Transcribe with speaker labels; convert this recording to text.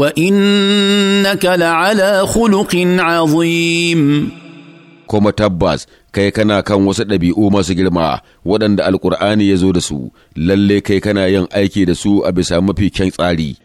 Speaker 1: وإنك لعلى خلق عظيم
Speaker 2: kuma tabbas kai kana kan wasu ɗabi'u masu girma waɗanda alƙur'ani ya zo da su lalle kai kana yin aiki da su a bisa mafi kyan tsari